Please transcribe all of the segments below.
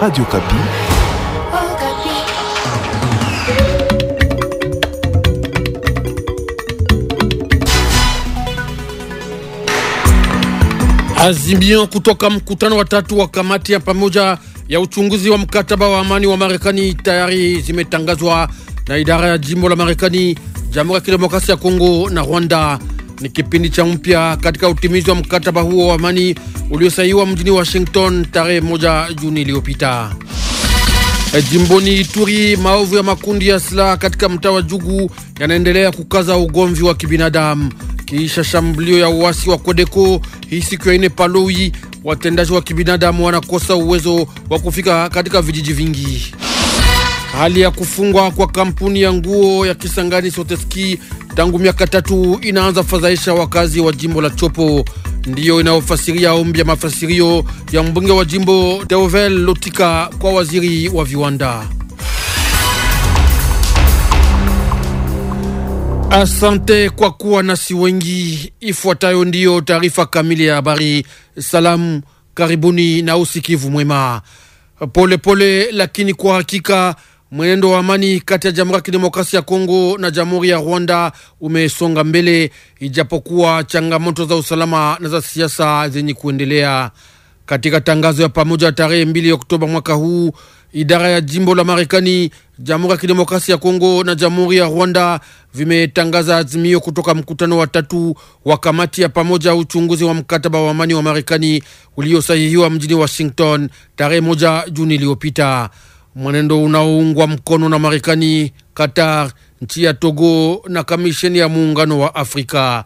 Radio Kapi. Azimio kutoka mkutano wa tatu wa kamati ya pamoja ya uchunguzi wa mkataba wa amani wa Marekani tayari zimetangazwa na idara ya jimbo la Marekani, Jamhuri ya Kidemokrasia ya Kongo na Rwanda ni kipindi cha mpya katika utimizi wa mkataba huo wa amani uliosainiwa mjini Washington tarehe moja Juni iliyopita. E, jimboni Ituri, maovu ya makundi ya silaha katika mtaa wa Jugu yanaendelea kukaza ugomvi wa kibinadamu kisha shambulio ya uasi wa Kodeko hii siku ya ine Paloi. Watendaji wa kibinadamu wanakosa uwezo wa kufika katika vijiji vingi. Hali ya kufungwa kwa kampuni ya nguo ya Kisangani Soteski tangu miaka tatu inaanza fadhaisha wakazi wa jimbo la Chopo. Ndiyo inayofasiria ombi ya mafasirio ya mbunge wa jimbo Teovel Lotika kwa waziri wa viwanda. Asante kwa kuwa nasi wengi. Ifuatayo ndiyo taarifa kamili ya habari. Salamu, karibuni na usikivu mwema. Polepole pole, lakini kwa hakika Mwenendo wa amani kati ya Jamhuri ya Kidemokrasia ya Kongo na Jamhuri ya Rwanda umesonga mbele, ijapokuwa changamoto za usalama na za siasa zenye kuendelea. Katika tangazo ya pamoja tarehe 2 Oktoba mwaka huu, idara ya jimbo la Marekani, Jamhuri ya Kidemokrasia ya Kongo na Jamhuri ya Rwanda vimetangaza azimio kutoka mkutano wa tatu wa kamati ya pamoja uchunguzi wa mkataba wa amani wa Marekani uliosahihiwa mjini Washington tarehe moja Juni iliyopita mwenendo unaoungwa mkono na Marekani, Qatar, nchi ya Togo na kamisheni ya muungano wa Afrika.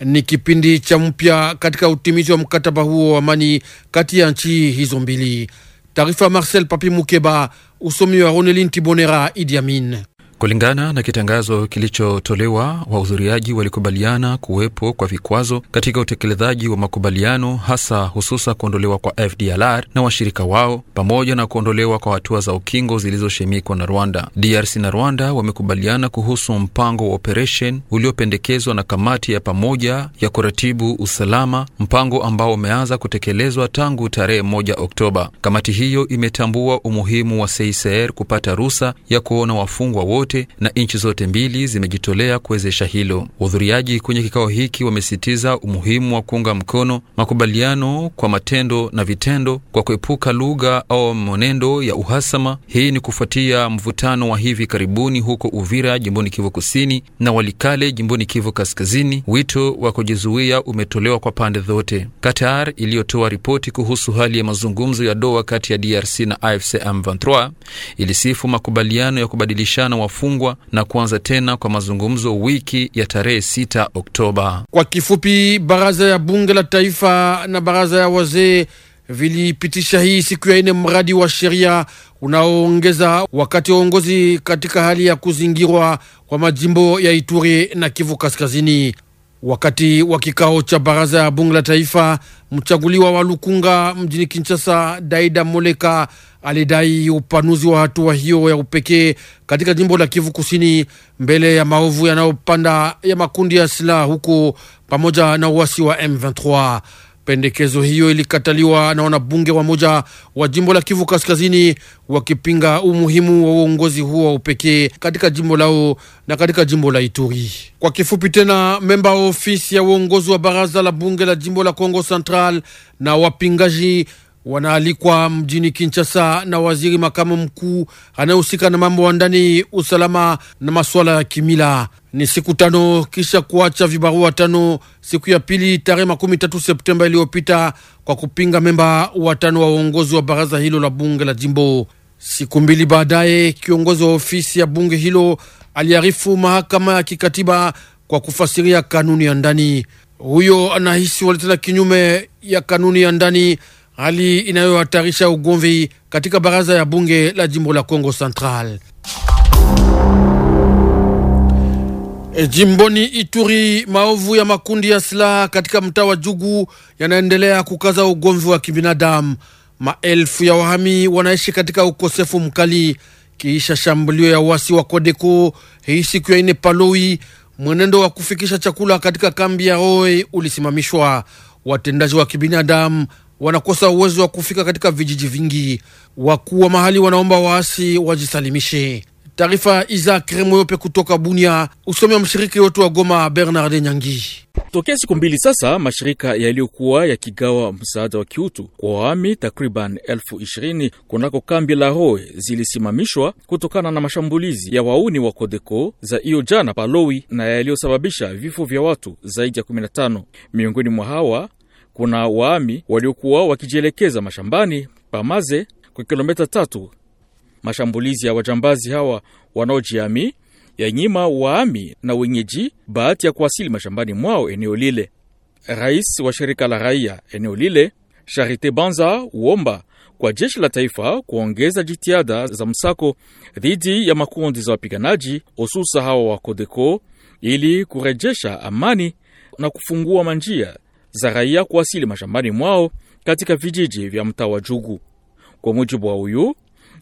Ni kipindi cha mpya katika utimizi wa mkataba huo wa amani kati ya nchi hizo mbili. Taarifa Marcel Papi Mukeba, usomi wa Ronelin Tibonera Idi Amin. Kulingana na kitangazo kilichotolewa, wahudhuriaji walikubaliana kuwepo kwa vikwazo katika utekelezaji wa makubaliano, hasa hususa kuondolewa kwa FDLR na washirika wao pamoja na kuondolewa kwa hatua za ukingo zilizoshimikwa na Rwanda. DRC na Rwanda wamekubaliana kuhusu mpango wa operesheni uliopendekezwa na kamati ya pamoja ya kuratibu usalama, mpango ambao umeanza kutekelezwa tangu tarehe 1 Oktoba. Kamati hiyo imetambua umuhimu wa CICR kupata ruhusa ya kuona wafungwa wote zote na nchi zote mbili zimejitolea kuwezesha hilo. Wahudhuriaji kwenye kikao hiki wamesisitiza umuhimu wa kuunga mkono makubaliano kwa matendo na vitendo kwa kuepuka lugha au mwenendo ya uhasama. Hii ni kufuatia mvutano wa hivi karibuni huko Uvira jimboni Kivu Kusini na Walikale jimboni Kivu Kaskazini. Wito wa kujizuia umetolewa kwa pande zote. Qatar iliyotoa ripoti kuhusu hali ya mazungumzo ya Doha kati ya DRC na AFC M23 ilisifu makubaliano ya kubadilishana wafu kufungwa na kuanza tena kwa mazungumzo wiki ya tarehe 6 Oktoba. Kwa kifupi, baraza ya bunge la taifa na baraza ya wazee vilipitisha hii siku ya ine mradi wa sheria unaoongeza wakati wa uongozi katika hali ya kuzingirwa kwa majimbo ya Ituri na Kivu Kaskazini. Wakati wa kikao cha baraza ya bunge la taifa, mchaguliwa wa Lukunga mjini Kinshasa, Daida Moleka alidai upanuzi wa hatua hiyo ya upekee katika jimbo la Kivu Kusini mbele ya maovu yanayopanda ya makundi ya silaha huko pamoja na uasi wa M23. Pendekezo hiyo ilikataliwa na wanabunge wamoja wa jimbo la Kivu Kaskazini wakipinga umuhimu wa uongozi huo wa upekee katika jimbo lao na katika jimbo la Ituri. Kwa kifupi tena, memba wa ofisi ya uongozi wa baraza la bunge la jimbo la Kongo Central na wapingaji wanaalikwa mjini Kinshasa na waziri makamu mkuu anayehusika na mambo ya ndani, usalama na masuala ya kimila. Ni siku tano kisha kuacha vibarua tano siku ya pili tarehe makumi tatu Septemba iliyopita kwa kupinga memba watano wa uongozi wa baraza hilo la bunge la jimbo. Siku mbili baadaye, kiongozi wa ofisi ya bunge hilo aliarifu mahakama ya kikatiba kwa kufasiria kanuni ya ndani. Huyo anahisi walitenda kinyume ya kanuni ya ndani hali inayohatarisha ugomvi katika baraza ya bunge la jimbo la Kongo Central. E, jimboni Ituri, maovu ya makundi ya silaha katika mtaa wa Jugu yanaendelea kukaza ugomvi wa kibinadamu. Maelfu ya wahami wanaishi katika ukosefu mkali kiisha shambulio ya wasi wa Kodeko hii siku ya ine Paloi. Mwenendo wa kufikisha chakula katika kambi ya Oi ulisimamishwa. Watendaji wa kibinadamu wanakosa uwezo wa kufika katika vijiji vingi. Wakuu wa mahali wanaomba waasi wajisalimishe. Taarifa Iza Kremoyope kutoka Bunia, usomi wa mshiriki wetu wa Goma, Bernard Nyangi. Tokea siku mbili sasa, mashirika yaliyokuwa yakigawa msaada wa kiutu kwa wahami takriban elfu ishirini kunako kambi la roe zilisimamishwa kutokana na mashambulizi ya wauni wa Kodeko za hiyo jana Palowi na yaliyosababisha vifo vya watu zaidi ya 15. Miongoni mwa hawa kuna waami waliokuwa wakijielekeza mashambani Pamaze kwa kilomita tatu. Mashambulizi ya wajambazi hawa wanaojiami ya nyima waami na wenyeji bahati ya kuwasili mashambani mwao eneo lile. Rais wa shirika la raia eneo lile Charite Banza uomba kwa jeshi la taifa kuongeza jitihada za msako dhidi ya makundi za wapiganaji hususa hawa wa Kodeko ili kurejesha amani na kufungua manjia za raia kuwasili mashambani mwao katika vijiji vya mtaa wa Jugu. Kwa mujibu wa huyu,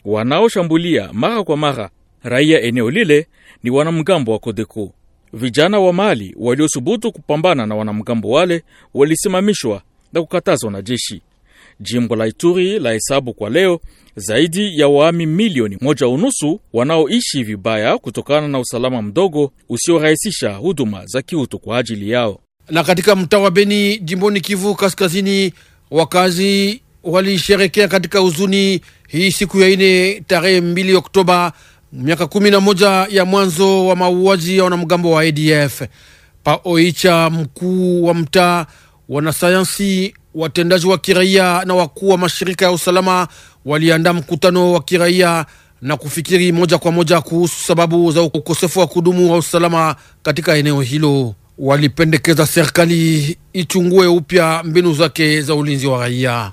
wanaoshambulia mara kwa mara raia eneo lile ni wanamgambo wa Kodeko. Vijana wa Mali waliosubutu kupambana na wanamgambo wale walisimamishwa na kukatazwa na jeshi. Jimbo la Ituri la hesabu kwa leo zaidi ya waami milioni moja unusu wanaoishi vibaya kutokana na usalama mdogo usiorahisisha huduma za kiutu kwa ajili yao. Na katika mtaa wa Beni jimboni Kivu Kaskazini, wakazi walisherekea katika huzuni hii siku ya ine tarehe mbili Oktoba miaka kumi na moja ya mwanzo wa mauaji ya wanamgambo wa ADF pa Oicha. Mkuu wa mtaa, wanasayansi, watendaji wa kiraia na wakuu wa mashirika ya usalama waliandaa mkutano wa kiraia na kufikiri moja kwa moja kuhusu sababu za ukosefu wa kudumu wa usalama katika eneo hilo walipendekeza serikali ichungue upya mbinu zake za ulinzi wa raia.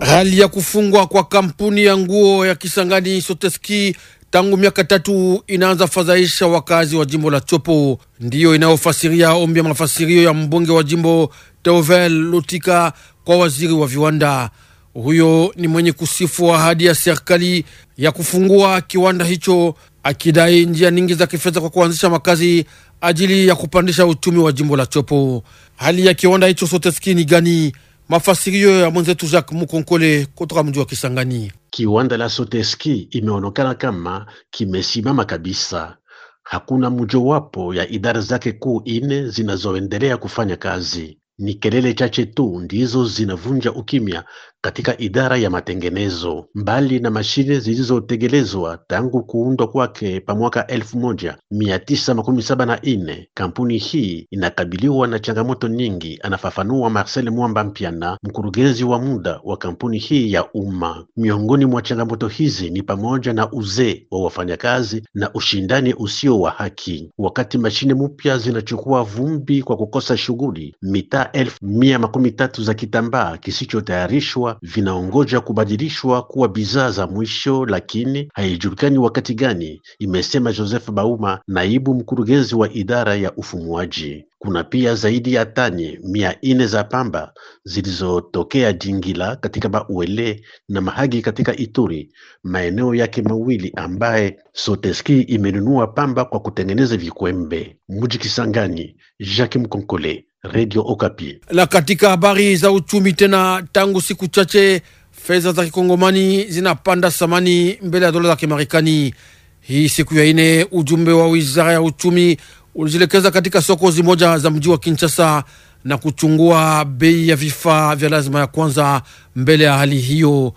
Hali ya kufungwa kwa kampuni ya nguo ya Kisangani Soteski tangu miaka tatu inaanza fadhaisha wakazi wa jimbo la Chopo, ndiyo inayofasiria ombi ya mafasirio ya mbunge wa jimbo Teovel Lutika kwa waziri wa viwanda. Huyo ni mwenye kusifu ahadi ya serikali ya kufungua kiwanda hicho akidai njia nyingi za kifedha kwa kuanzisha makazi ajili ya kupandisha uchumi wa jimbo la Chopo. Hali ya kiwanda hicho Soteski ni gani? Mafasirio ya mwenzetu Jacques Mukonkole kutoka mji wa Kisangani. Kiwanda la Soteski imeonekana kama kimesimama kabisa. Hakuna wapo ya idara zake kuu ine zinazoendelea kufanya kazi. Ni kelele chache tu ndizo zinavunja ukimya katika idara ya matengenezo. Mbali na mashine zilizotegelezwa tangu kuundwa kwake pa mwaka elfu moja mia tisa makumi saba na nne, kampuni hii inakabiliwa na changamoto nyingi, anafafanua Marcel Mwamba Mpiana, mkurugenzi wa muda wa kampuni hii ya umma. Miongoni mwa changamoto hizi ni pamoja na uzee wa wafanyakazi na ushindani usio wa haki. Wakati mashine mpya zinachukua vumbi kwa kukosa shughuli, mitaa elfu mia makumi tatu za kitambaa kisichotayarishwa vinaongoja kubadilishwa kuwa bidhaa za mwisho, lakini haijulikani wakati gani, imesema Joseph Bauma, naibu mkurugenzi wa idara ya ufumuaji. Kuna pia zaidi ya tani mia nne za pamba zilizotokea Jingila katika Bauele na Mahagi katika Ituri, maeneo yake mawili ambaye Soteski imenunua pamba kwa kutengeneza vikwembe. Muji Kisangani, Jacques Mkonkole, Radio Okapi. Na katika habari za uchumi tena, tangu siku chache fedha za kikongomani zinapanda thamani mbele ya dola za Kimarekani. Hii siku ya ine, ujumbe wa wizara ya uchumi ulizilekeza katika soko zimoja za mji wa Kinshasa na kuchungua bei ya vifaa vya lazima ya kwanza. Mbele ya hali hiyo,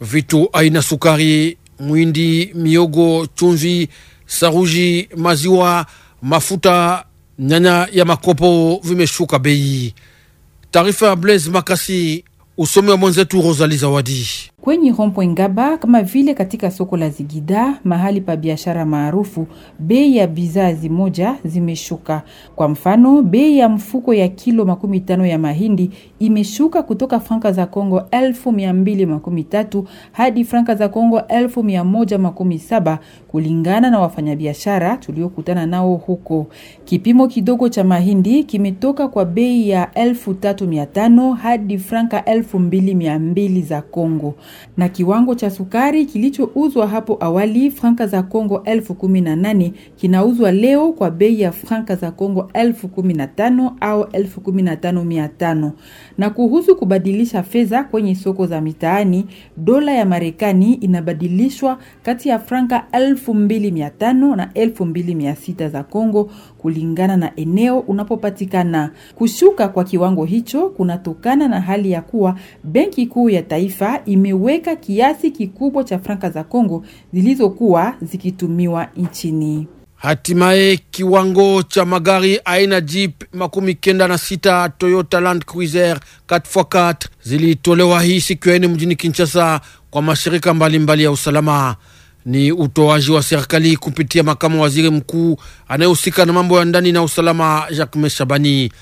vitu aina sukari, mwindi, miogo, chumvi, saruji, maziwa, mafuta nyanya ya makopo vimeshuka bei. Taarifa ya Blaise Makasi, usomi wa mwenzetu Rosali Zawadi kwenye Rompo Ngaba kama vile katika soko la Zigida, mahali pa biashara maarufu, bei ya bidhaa zimoja zimeshuka. Kwa mfano, bei ya mfuko ya kilo makumi tano ya mahindi imeshuka kutoka franka za congo elfu mia mbili makumi tatu hadi franka za congo elfu mia moja makumi saba kulingana na wafanyabiashara tuliokutana nao huko. Kipimo kidogo cha mahindi kimetoka kwa bei ya elfu tatu mia tano hadi franka elfu mbili mia mbili za congo na kiwango cha sukari kilichouzwa hapo awali franka za Kongo 18 kinauzwa leo kwa bei ya franka za Kongo 15 au elfu na kuhusu kubadilisha fedha kwenye soko za mitaani, dola ya Marekani inabadilishwa kati ya franka 2500 na 2600 za Kongo kulingana na eneo unapopatikana. Kushuka kwa kiwango hicho kunatokana na hali ya kuwa Benki Kuu ya Taifa imeweka kiasi kikubwa cha franka za Kongo zilizokuwa zikitumiwa nchini. Hatimaye kiwango cha magari aina Jeep makumi kenda na sita Toyota Land Cruiser 4x4 zilitolewa hii siku ya ine mjini Kinshasa kwa mashirika mbalimbali mbali ya usalama ni utoaji wa serikali kupitia makamu waziri mkuu anayehusika na mambo ya ndani na usalama Jacques Shabani.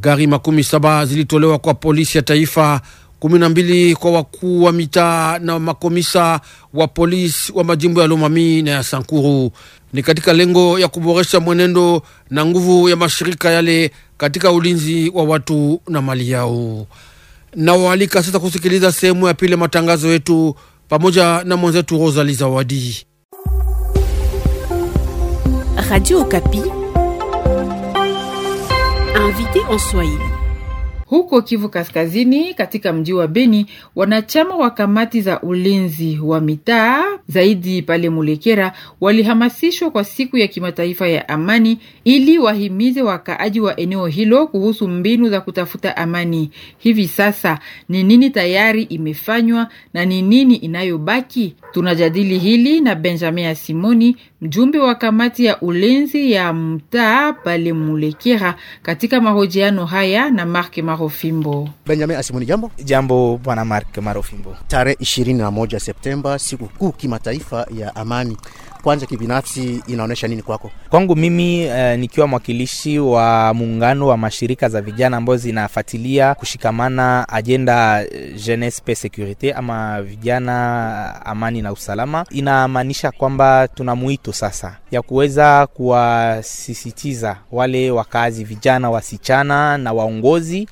Gari makumi saba zilitolewa kwa polisi ya taifa, kumi na mbili kwa wakuu wa mitaa na makomisa wa polisi wa majimbo ya Lomami na ya Sankuru. Ni katika lengo ya kuboresha mwenendo na nguvu ya mashirika yale katika ulinzi wa watu na mali yao. Nawaalika sasa kusikiliza sehemu ya pili ya matangazo yetu pamoja na mwenzetu Rosali Zawadi. Radio Okapi, invité en Swahili. Huko Kivu Kaskazini, katika mji wa Beni, wanachama wa kamati za ulinzi wa mitaa zaidi pale Mulekera walihamasishwa kwa siku ya kimataifa ya amani ili wahimize wakaaji wa eneo hilo kuhusu mbinu za kutafuta amani. Hivi sasa ni nini tayari imefanywa na ni nini inayobaki? Tunajadili hili na Benjamin Simoni, mjumbe wa kamati ya ulinzi ya mtaa pale Mulekera, katika mahojiano haya na Mark Maro Marofimbo. Benjamin Asimoni, jambo jambo bwana Mark Marofimbo. Tarehe 21 Septemba, siku kuu kimataifa ya amani kwanza kibinafsi inaonyesha nini kwako? Kwangu mimi uh, nikiwa mwakilishi wa muungano wa mashirika za vijana ambayo zinafuatilia kushikamana ajenda eh, jeunesse pe securite ama vijana amani na usalama, inamaanisha kwamba tuna mwito sasa ya kuweza kuwasisitiza wale wakazi vijana, wasichana na waongozi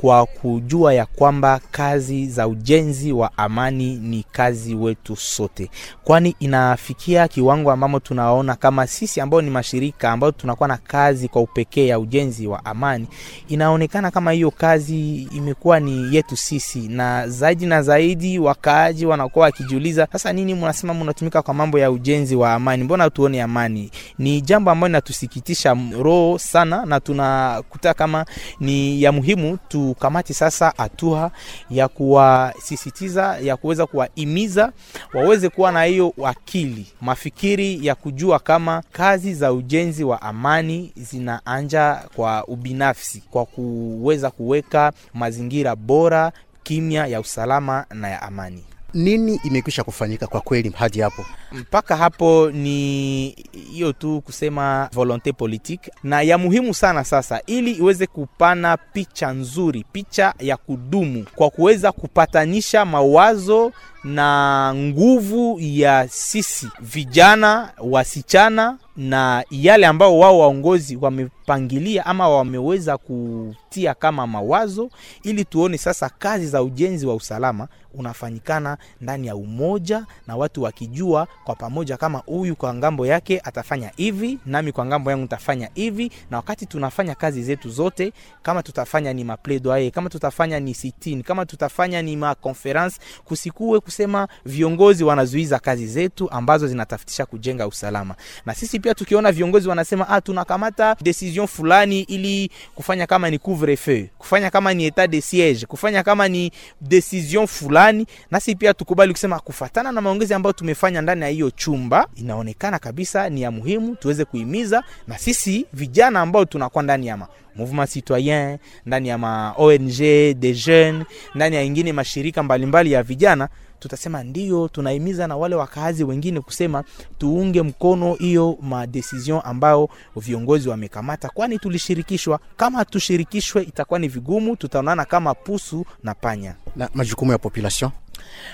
kwa kujua ya kwamba kazi za ujenzi wa amani ni kazi wetu sote, kwani inafikia kiwango ambamo tunaona kama sisi ambao ni mashirika ambao tunakuwa na kazi kwa upekee ya ujenzi wa amani, inaonekana kama hiyo kazi imekuwa ni yetu sisi, na zaidi na zaidi wakaaji wanakuwa wakijiuliza, sasa nini mnasema mnatumika kwa mambo ya ujenzi wa amani, mbona tuone amani? Ni jambo ambalo linatusikitisha roho sana, na tunakuta kama ni ya muhimu tu tukamati sasa hatua ya kuwasisitiza ya kuweza kuwahimiza waweze kuwa na hiyo akili mafikiri ya kujua kama kazi za ujenzi wa amani zinaanja kwa ubinafsi, kwa kuweza kuweka mazingira bora kimya ya usalama na ya amani nini imekwisha kufanyika kwa kweli hadi hapo? Mpaka hapo ni hiyo tu kusema volonte politique, na ya muhimu sana sasa, ili iweze kupana picha nzuri, picha ya kudumu kwa kuweza kupatanisha mawazo na nguvu ya sisi vijana wasichana na yale ambao wao waongozi wamepangilia ama wameweza kutia kama mawazo, ili tuone sasa kazi za ujenzi wa usalama unafanyikana ndani ya umoja, na watu wakijua kwa pamoja, kama huyu kwa ngambo yake atafanya hivi, nami kwa ngambo yangu nitafanya hivi. Na wakati tunafanya kazi zetu zote, kama tutafanya ni mapledoyer, kama tutafanya ni sitini, kama tutafanya ni makonference, kusikue kusema viongozi wanazuiza kazi zetu ambazo zinatafutisha kujenga usalama, na sisi pia tukiona viongozi wanasema ah, tunakamata decision fulani ili kufanya kama ni couvre-feu, kufanya kama ni etat de siege, kufanya kama ni decision fulani, na sisi pia tukubali kusema kufatana na maongezi ambayo tumefanya ndani ya hiyo chumba, inaonekana kabisa ni ya muhimu tuweze kuhimiza na sisi vijana ambao tunakuwa ndani yama mouvement citoyen, ndani ya ma ONG des jeunes, ndani ya ingine mashirika mbalimbali mbali ya vijana, tutasema ndio tunahimiza na wale wakazi wengine kusema tuunge mkono hiyo madesizion ambayo viongozi wamekamata, kwani tulishirikishwa. Kama tushirikishwe, itakuwa ni vigumu, tutaonana kama pusu na panya. Na majukumu ya population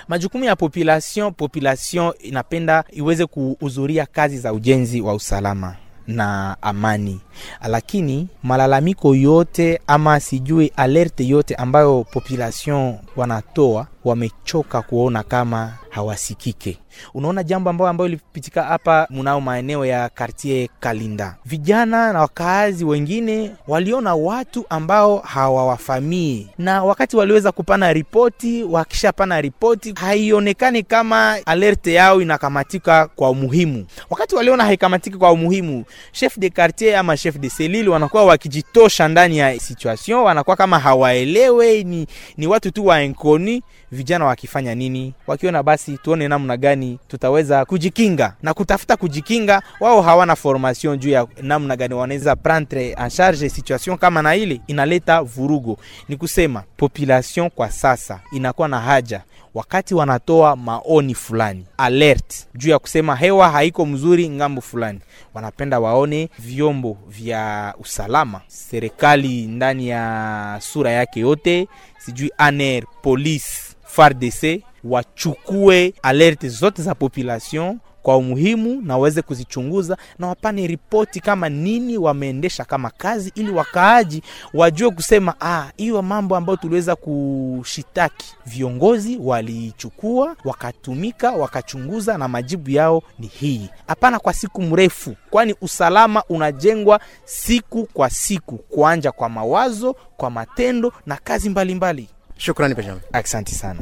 majukumu ya population, population inapenda iweze kuhudhuria kazi za ujenzi wa usalama na amani, lakini malalamiko yote ama sijui alerte yote ambayo population wanatoa, wamechoka kuona kama hawasikike. Unaona jambo ambayo ambayo ilipitika hapa mnao maeneo ya kartie Kalinda, vijana na wakaazi wengine waliona watu ambao hawawafamii, na wakati waliweza kupana ripoti, wakishapana ripoti haionekani kama alerte yao inakamatika kwa umuhimu. Wakati waliona haikamatiki kwa umuhimu, chef de quartier ama chef de selili wanakuwa wakijitosha ndani ya situation, wanakuwa kama hawaelewe, ni, ni watu tu wa enkoni, vijana wakifanya nini, wakiona basi basi tuone namna gani tutaweza kujikinga na kutafuta kujikinga. Wao hawana formation juu ya namna gani wanaweza prendre en charge situation kama na ile inaleta vurugo. Ni kusema population kwa sasa inakuwa na haja wakati wanatoa maoni fulani alert juu ya kusema hewa haiko mzuri ngambo fulani, wanapenda waone vyombo vya usalama, serikali ndani ya sura yake yote, sijui aner, police FARDC wachukue alerte zote za population kwa umuhimu na waweze kuzichunguza na wapane ripoti kama nini wameendesha kama kazi, ili wakaaji wajue kusema ah, hiyo mambo ambayo tuliweza kushitaki viongozi waliichukua wakatumika wakachunguza, na majibu yao ni hii. Hapana kwa siku mrefu, kwani usalama unajengwa siku kwa siku, kuanja kwa mawazo, kwa matendo na kazi mbalimbali. Shukrani Benjamin, asante sana.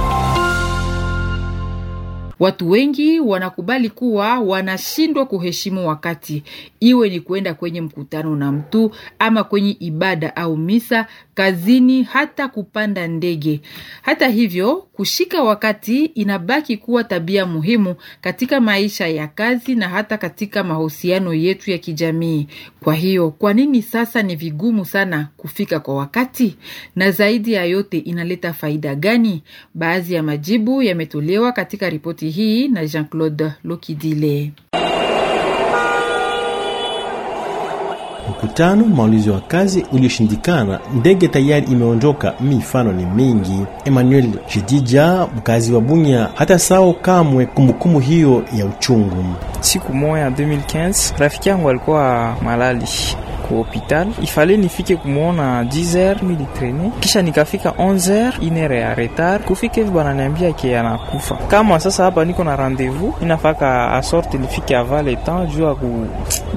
Watu wengi wanakubali kuwa wanashindwa kuheshimu wakati, iwe ni kuenda kwenye mkutano na mtu ama kwenye ibada au misa, kazini, hata kupanda ndege. Hata hivyo, kushika wakati inabaki kuwa tabia muhimu katika maisha ya kazi na hata katika mahusiano yetu ya kijamii. Kwa hiyo, kwa nini sasa ni vigumu sana kufika kwa wakati? Na zaidi ya yote, inaleta faida gani? Baadhi ya majibu yametolewa katika ripoti hii na Jean-Claude Lokidile. Mkutano maulizi wa kazi ulioshindikana, ndege tayari imeondoka. Mifano ni mingi. Emmanuel jedija mkazi wa Bunya, hata sao kamwe kumbukumbu hiyo ya uchungu. Siku moya 2015 rafiki yangu alikuwa malali ku hopital, ifale nifike kumwona 10h militrene, kisha nikafika 11h inere ya retard. Kufika hivi bananiambia ke anakufa. Kama sasa hapa niko na rendezvous, inafaka asorte nifike le temps juu aku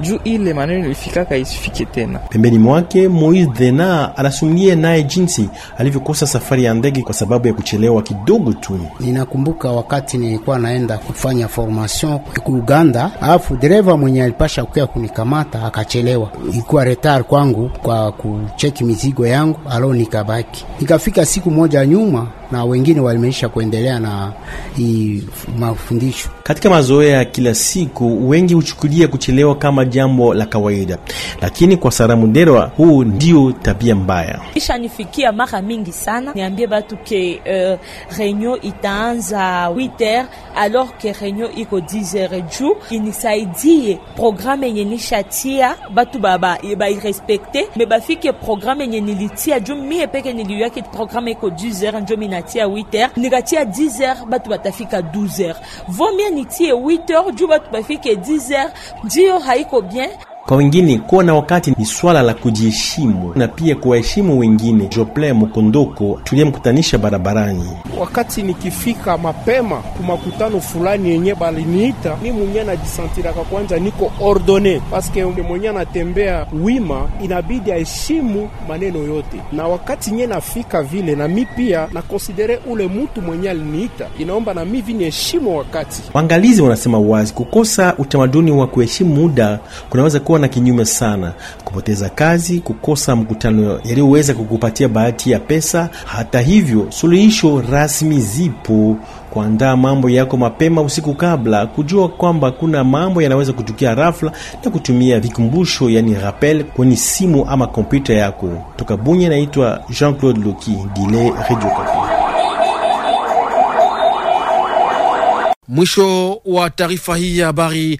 juu ile maneno nilifikaka isifike tena. Pembeni mwake Moise Dena anasimulia naye jinsi alivyokosa safari ya ndege kwa sababu ya kuchelewa kidogo tu. Ninakumbuka wakati nilikuwa naenda kufanya formation ku Uganda, alafu dereva mwenye alipasha kuya kunikamata akachelewa, ilikuwa retar kwangu kwa kucheki mizigo yangu, alo nikabaki. Nikafika siku moja nyuma na wengine walimeisha kuendelea na hii mafundisho. Katika mazoea ya kila siku, wengi huchukulia kuchelewa kama jambo la kawaida, lakini kwa Sara muderwa huu ndio tabia mbaya. Ishanifikia mara mingi sana, niambie batu ke uh, renyo itaanza 8h alors ke renyo iko 10h juu inisaidie programe yenye nishatia batu baba bairespekte me bafike programe yenye nilitia juu mie peke niliyake programe iko 10h njo mina natia 8h nikatia 10h batu batafika 12h vomie nitie 8h juu batu bafike 10h ndiyo haiko bien kwa wengine kuwa na wakati ni swala la kujiheshimu na pia kuwaheshimu wengine. Jople Mukondoko tuliyemkutanisha barabarani, wakati nikifika mapema kumakutano fulani yenye baliniita ni mwenye najisantiraka kwanza, niko ordone paske mwenye anatembea wima, inabidi aheshimu maneno yote, na wakati nye nafika vile na mi pia nakonsidere ule mutu mwenye aliniita, inaomba na mi heshimu. wakati. Waangalizi wanasema wazi kukosa utamaduni wa kuheshimu muda kunaweza kuwa kuwa na kinyume sana, kupoteza kazi, kukosa mkutano yaliyoweza kukupatia bahati ya pesa. Hata hivyo, suluhisho rasmi zipo: kuandaa mambo yako mapema usiku kabla, kujua kwamba kuna mambo yanaweza kutukia rafla na kutumia vikumbusho, yani rappel kwenye simu ama kompyuta yako. Toka Bunya, naitwa Jean-Claude Loki Gile, Radio Okapi. Mwisho wa taarifa hii ya habari.